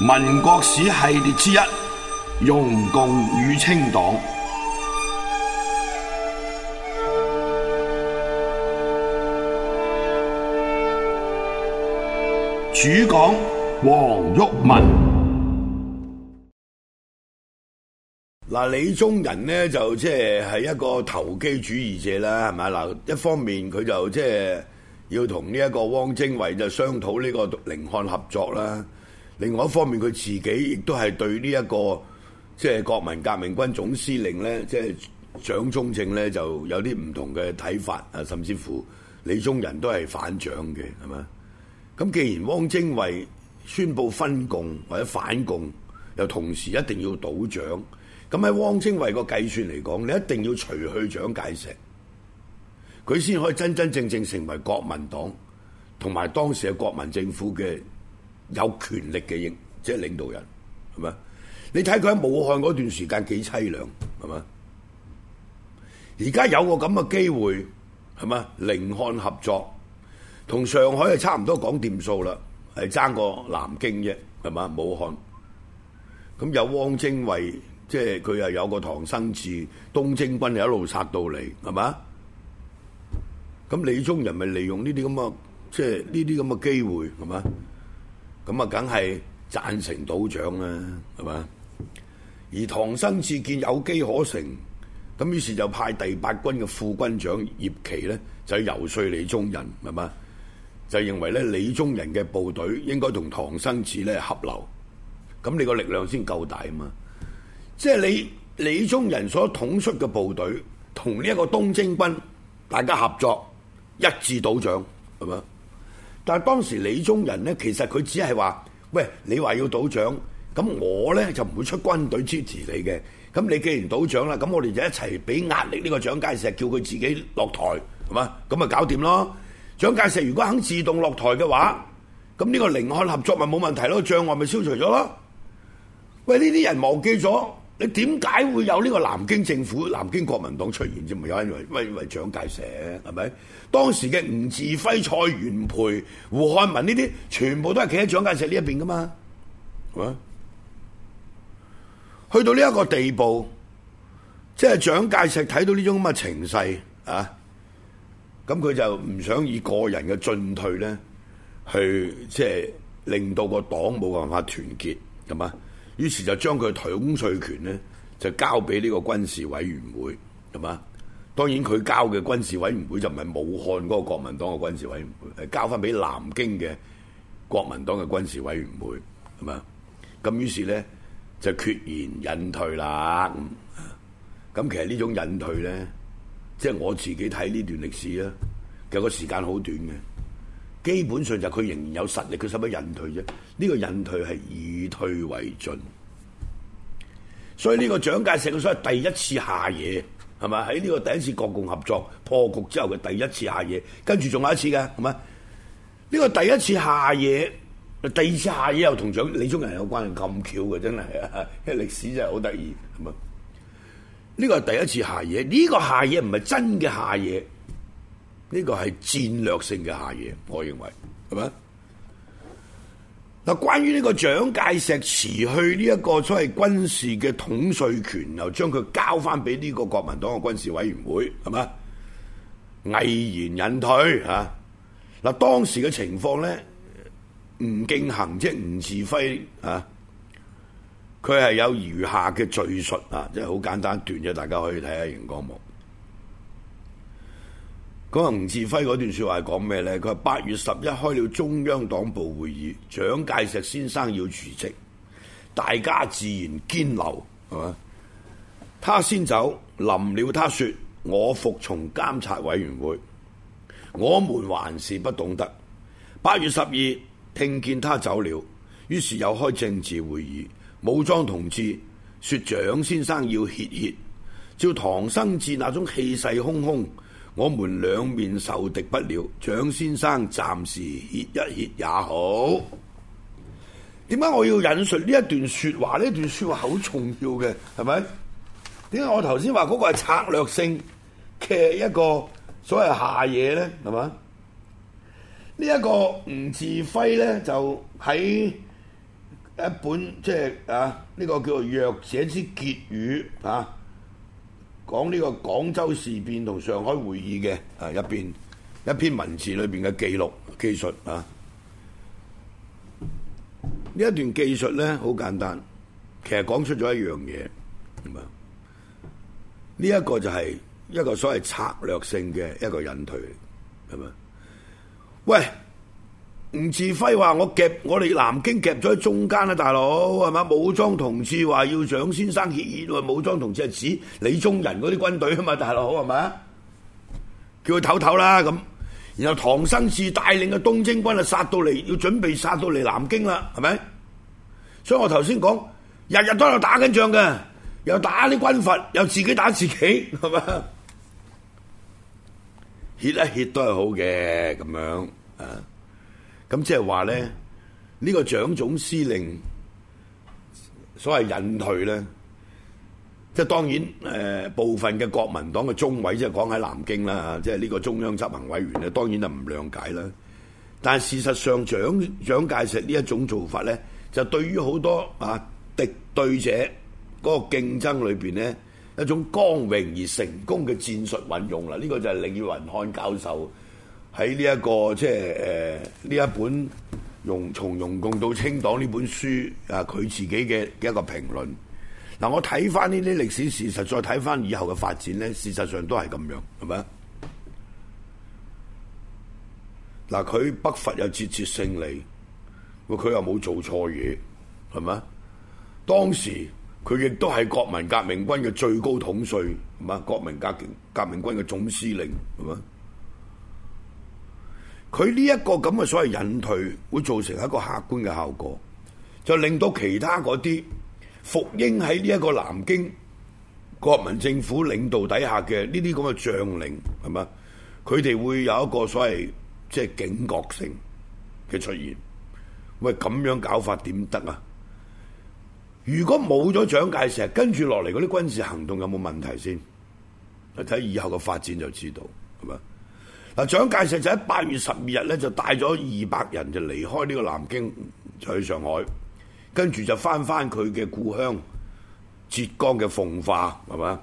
民國史系列之一，容共與清黨，主講黃毓民。嗱，李宗仁咧就即係係一個投機主義者啦，係咪？嗱，一方面佢就即係要同呢一個汪精衛就商討呢個寧漢合作啦。另外一方面，佢自己亦都係對呢、這、一個即係、就是、國民革命軍總司令咧，即、就、係、是、蔣中正咧，就有啲唔同嘅睇法啊，甚至乎李宗仁都係反蔣嘅，係咪？咁既然汪精衛宣布分共或者反共，又同時一定要倒蔣，咁喺汪精衛個計算嚟講，你一定要除去蔣介石，佢先可以真真正正成為國民黨同埋當時嘅國民政府嘅有權力嘅領即係領導人係嘛？你睇佢喺武漢嗰段時間幾凄涼係嘛？而家有個咁嘅機會係嘛？寧漢合作同上海係差唔多講掂數啦，係爭過南京啫係嘛？武漢咁有汪精衛即係佢係有個唐生智，東征軍就一路殺到嚟係嘛？咁李宗仁咪利用呢啲咁嘅即係呢啲咁嘅機會係嘛？咁啊，梗係贊成倒蔣啦，係嘛？而唐生智見有機可乘，咁於是就派第八軍嘅副軍長葉奇呢，就去游說李宗仁，係嘛？就認為咧，李宗仁嘅部隊應該同唐生智咧合流，咁你個力量先夠大啊嘛？即係你李宗仁所統出嘅部隊同呢一個東征軍，大家合作一致倒蔣，係嘛？但係當時李宗仁咧，其實佢只係話：喂，你話要倒蔣，咁我咧就唔會出軍隊支持你嘅。咁你既然倒蔣啦，咁我哋就一齊俾壓力呢個蔣介石，叫佢自己落台，係嘛？咁咪搞掂咯。蔣介石如果肯自動落台嘅話，咁呢個寧漢合作咪冇問題咯，障礙咪消除咗咯。喂，呢啲人忘記咗。你點解會有呢個南京政府、南京國民黨出現啫？咪有因為因為蔣介石係咪？當時嘅吳志輝、蔡元培、胡漢民呢啲，全部都係企喺蔣介石呢一邊噶嘛？去到呢一個地步，即係蔣介石睇到呢種咁嘅情勢啊，咁佢就唔想以個人嘅進退咧，去即係、就是、令到個黨冇辦法團結，係嘛？於是就將佢統帥權咧就交俾呢個軍事委員會，係嘛？當然佢交嘅軍事委員會就唔係武漢嗰個國民黨嘅軍事委員會，係交翻俾南京嘅國民黨嘅軍事委員會，係嘛？咁於是咧就決然隱退啦咁。其實呢種隱退咧，即係我自己睇呢段歷史咧，其實個時間好短嘅。基本上就佢仍然有實力，佢使乜引退啫？呢、這個引退係以退為進，所以呢個蔣介石佢所謂第一次下野，係咪喺呢個第一次國共合作破局之後嘅第一次下野？跟住仲有一次嘅，係咪？呢、這個第一次下野，第二次下野又同蔣李宗仁有關係咁巧嘅，真係啊！因為歷史真係好得意，係咪？呢、這個係第一次下野，呢、這個下野唔係真嘅下野。呢個係戰略性嘅下野，我認為係咪？嗱，關於呢個蔣介石辭去呢一個所謂軍事嘅統帥權，又將佢交翻俾呢個國民黨嘅軍事委員會，係咪？毅然引退嚇。嗱、啊，當時嘅情況咧，吳敬恆即係吳稚暉嚇，佢、啊、係有如下嘅敘述啊，即係好簡單斷咗，大家可以睇下螢光幕。佢話吳志輝嗰段説話，係講咩呢？佢話八月十一開了中央黨部會議，蔣介石先生要辭職，大家自然堅留，係嘛？他先走，臨了，他說：我服從監察委員會。我們還是不懂得。八月十二聽見他走了，於是又開政治會議，武裝同志說蔣先生要歇歇，照唐生智那種氣勢洶洶。我們兩面受敵不了，蔣先生暫時歇一歇也好。點解我要引述呢一段說話？呢一段說話好重要嘅，係咪？點解我頭先話嗰個係策略性嘅一個所謂下野呢？係咪？呢、這、一個吳自輝呢，就喺一本即係、就是、啊，呢、這個叫做《弱者之結語》啊。講呢個廣州事變同上海會議嘅，啊，入邊一篇文字裏邊嘅記錄記述啊，呢一段記述咧好簡單，其實講出咗一樣嘢，咁啊，呢、這、一個就係一個所謂策略性嘅一個引退，咁啊，喂。吳稚暉話：我夾我哋南京夾咗喺中間啊，大佬係咪？武裝同志話要蔣先生協議，武裝同志係指李宗仁嗰啲軍隊啊嘛，大佬，係咪？叫佢唞唞啦咁。然後唐生智帶領嘅東征軍啊，殺到嚟，要準備殺到嚟南京啦，係咪？所以我頭先講，日日都有打緊仗㗎，又打啲軍閥，又自己打自己，係嘛？協一協都係好嘅，咁樣啊。咁即係話咧，呢個蔣總司令所謂引退咧，即係當然誒部分嘅國民黨嘅中委即係講喺南京啦嚇，即係呢個中央執行委員咧，當然就唔諒解啦。但係事實上，蔣蔣介石呢一種做法咧，就對於好多啊敵對者嗰個競爭裏邊咧，一種光榮而成功嘅戰術運用啦，呢個就係李雲漢教授。喺呢一個即係誒呢一本《從從容共到清黨》呢本書啊，佢自己嘅一個評論。嗱、啊，我睇翻呢啲歷史事實，再睇翻以後嘅發展咧，事實上都係咁樣，係咪啊？嗱，佢、啊、北伐又節節勝利，佢又冇做錯嘢，係咪啊？當時佢亦都係國民革命軍嘅最高統帥，係咪啊？國民革命革命軍嘅總司令，係咪？佢呢一個咁嘅所謂隱退，會造成一個客觀嘅效果，就令到其他嗰啲服膺喺呢一個南京國民政府領導底下嘅呢啲咁嘅將領，係嘛？佢哋會有一個所謂即係警覺性嘅出現。喂，咁樣搞法點得啊？如果冇咗蔣介石跟住落嚟，嗰啲軍事行動有冇問題先？睇以後嘅發展就知道，係嘛？嗱，蔣介石就喺八月十二日咧，就帶咗二百人就離開呢個南京，就去上海，跟住就翻翻佢嘅故鄉浙江嘅奉化，係嘛？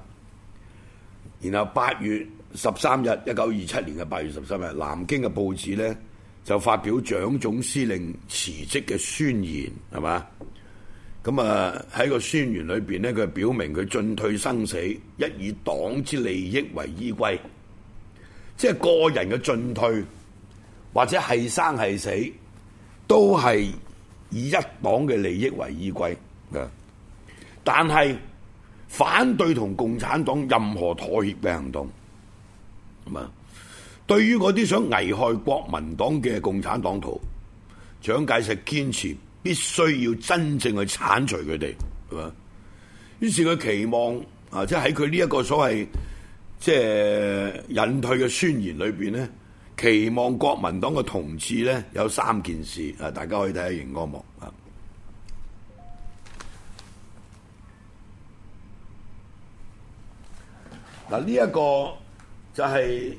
然後八月十三日，一九二七年嘅八月十三日，南京嘅報紙呢，就發表蔣總司令辭職嘅宣言，係嘛？咁啊喺個宣言裏邊呢，佢係表明佢進退生死，一以黨之利益為依歸。即係個人嘅進退，或者係生係死，都係以一黨嘅利益為依歸啊！但係反對同共產黨任何妥協嘅行動，係嘛？對於嗰啲想危害國民黨嘅共產黨徒，蔣介石堅持必須要真正去剷除佢哋，係嘛？於是佢期望啊，即係喺佢呢一個所謂即係引退嘅宣言裏邊咧，期望國民黨嘅同志咧有三件事啊！大家可以睇下熒光幕啊！嗱，呢一個就係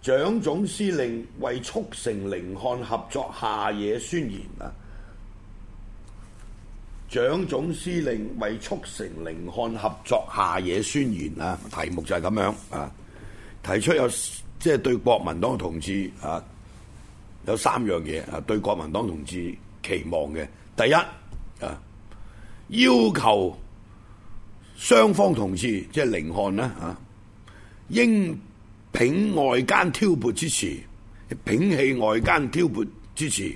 蔣總司令為促成寧漢合作下野宣言啊！蔣總司令為促成寧漢合作下野宣言啊，題目就係咁樣啊。提出有即係、就是、對國民黨同志啊，有三樣嘢啊，對國民黨同志期望嘅。第一啊，要求雙方同志即係寧漢啦啊，應摒外間挑撥之詞，摒棄外間挑撥之詞，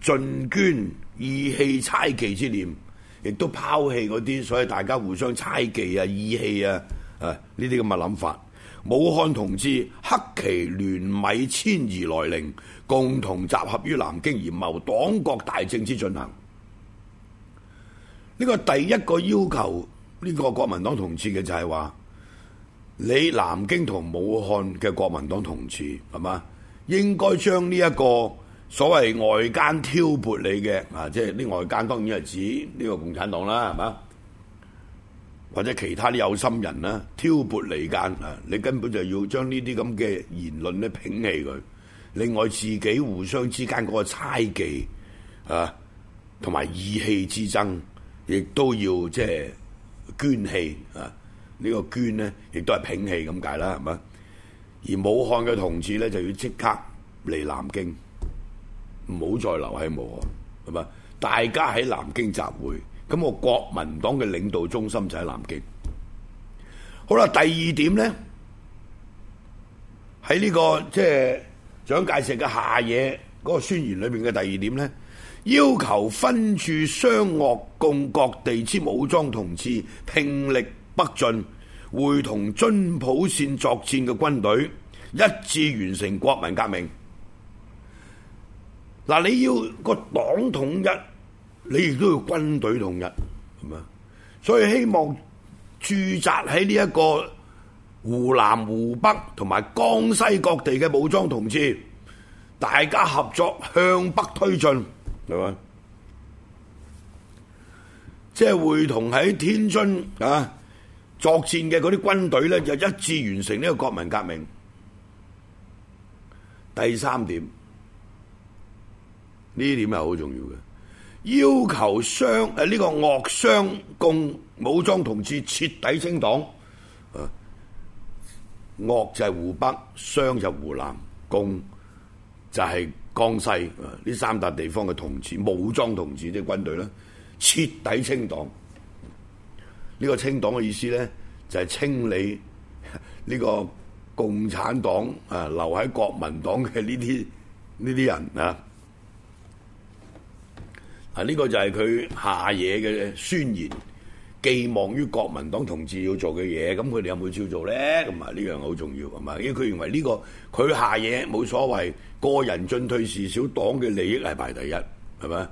盡捐義氣猜忌之念。亦都拋棄嗰啲，所以大家互相猜忌啊、意氣啊、啊呢啲咁嘅諗法。武漢同志，黑旗聯米遷移來寧，共同集合於南京而謀黨國大政之進行。呢個第一個要求，呢個國民黨同志嘅就係話，你南京同武漢嘅國民黨同志係嘛，應該將呢一個。所謂外間挑撥你嘅啊，即係呢外間當然係指呢個共產黨啦，係嘛，或者其他啲有心人啦，挑撥離間啊。你根本就要將呢啲咁嘅言論咧，摒棄佢。另外，自己互相之間嗰個猜忌啊，同埋意氣之爭，亦都要即係捐棄啊。呢個捐呢，亦都係摒棄咁解啦，係嘛。而武漢嘅同志咧，就要即刻嚟南京。唔好再留喺武漢，係嘛？大家喺南京集會，咁我國民黨嘅領導中心就喺南京。好啦，第二點呢，喺呢、這個即係蔣介石嘅下野嗰、那個宣言裏面嘅第二點呢，要求分駐湘鄂贛各國地之武裝同志，拼力北進，會同津浦綫作戰嘅軍隊，一致完成國民革命。嗱，你要個黨統一，你亦都要軍隊統一，係咪？所以希望駐紮喺呢一個湖南、湖北同埋江西各地嘅武裝同志，大家合作向北推進，係嘛？即係會同喺天津啊作戰嘅嗰啲軍隊咧，就一致完成呢個國民革命。第三點。呢點係好重要嘅，要求湘誒呢、這個鄂湘共武裝同志徹底清黨。啊，鄂就係湖北，湘就湖南，共就係江西。呢、啊、三笪地方嘅同志武裝同志即係軍隊啦，徹底清黨。呢、這個清黨嘅意思咧，就係、是、清理呢個共產黨啊留喺國民黨嘅呢啲呢啲人啊。啊！呢個就係佢下野嘅宣言，寄望於國民黨同志要做嘅嘢。咁佢哋有冇照做呢？咁啊，呢樣好重要，係咪？因為佢認為呢個佢下野冇所謂，個人進退事小，黨嘅利益係排第一，係咪？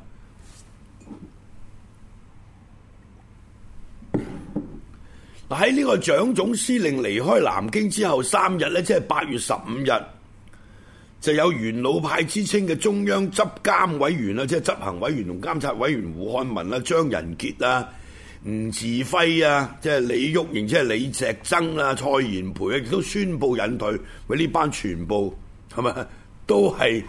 喺呢個蔣總司令離開南京之後三日咧，即係八月十五日。就有元老派之稱嘅中央執監委員啦，即係執行委員同監察委員胡漢民啦、張人傑啊、吳稚暉啊，即係李煜瀛，甚至係李石曾啊、蔡元培啊，都宣布引退。喂，呢班全部係咪都係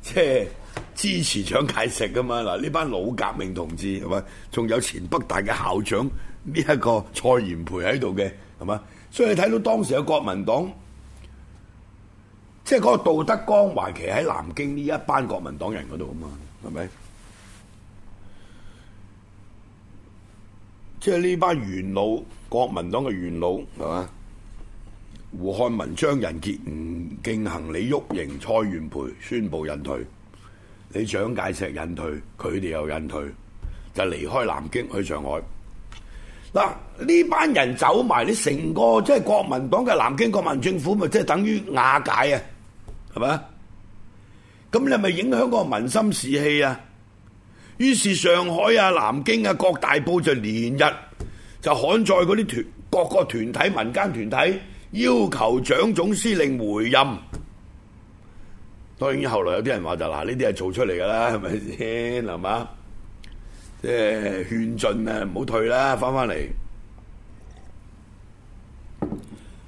即係支持蔣介石㗎嘛？嗱，呢班老革命同志係咪？仲有前北大嘅校長呢一個蔡元培喺度嘅係咪？所以你睇到當時嘅國民黨。即係嗰個道德光環，其實喺南京呢一班國民黨人嗰度啊嘛，係咪？即係呢班元老，國民黨嘅元老係嘛？胡漢民、張人傑、吳敬恒、李煜瀛、蔡元培宣布引退，你蔣介石引退，佢哋又引退，就離開南京去上海。嗱、啊，呢班人走埋，你成個即係國民黨嘅南京國民政府，咪即係等於瓦解啊！係嘛？咁你係咪影響個民心士氣啊？於是上海啊、南京啊，各大報就連日就刊載嗰啲團各個團體、民間團體要求蔣總司令回任。當然，後來有啲人話就嗱，呢啲係做出嚟噶啦，係咪先？係嘛？即係勸進啊，唔好退啦，翻翻嚟。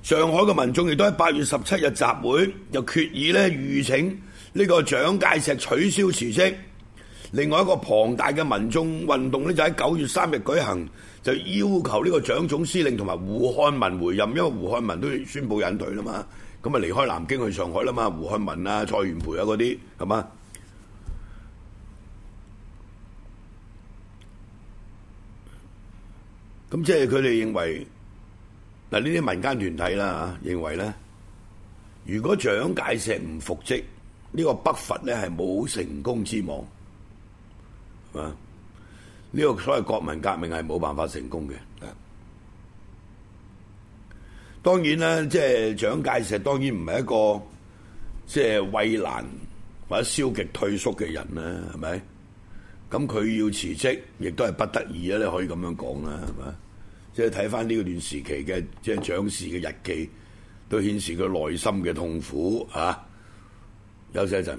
上海嘅民眾亦都喺八月十七日集會，就決議呢預請呢個蔣介石取消辭職。另外一個龐大嘅民眾運動呢，就喺九月三日舉行，就要求呢個蔣總司令同埋胡漢民回任，因為胡漢民都宣布引退啦嘛，咁啊離開南京去上海啦嘛，胡漢民啊、蔡元培啊嗰啲，係嘛？咁即係佢哋認為。嗱，呢啲民間團體啦嚇，認為咧，如果蔣介石唔復職，呢個北伐咧係冇成功之望，係嘛？呢個所謂國民革命係冇辦法成功嘅。當然啦，即係蔣介石當然唔係一個即係畏難或者消極退縮嘅人啦，係咪？咁佢要辭職，亦都係不得已啦，你可以咁樣講啦，係嘛？即係睇翻呢段時期嘅即係蔣氏嘅日記，都顯示佢內心嘅痛苦嚇、啊。休息一陣。